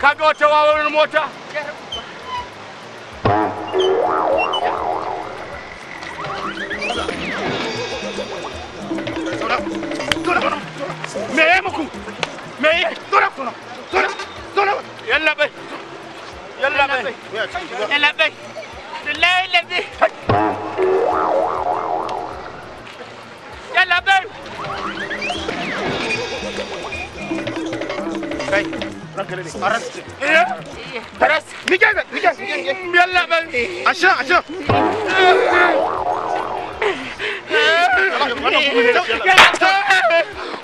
kagote wawe nomota meye mukum meye dora dora dora yalla bay yalla bay yalla bay billahi الذي رجل ايه برسك ايه برسك نجدك نجدك يلا بل عشان عشان يلا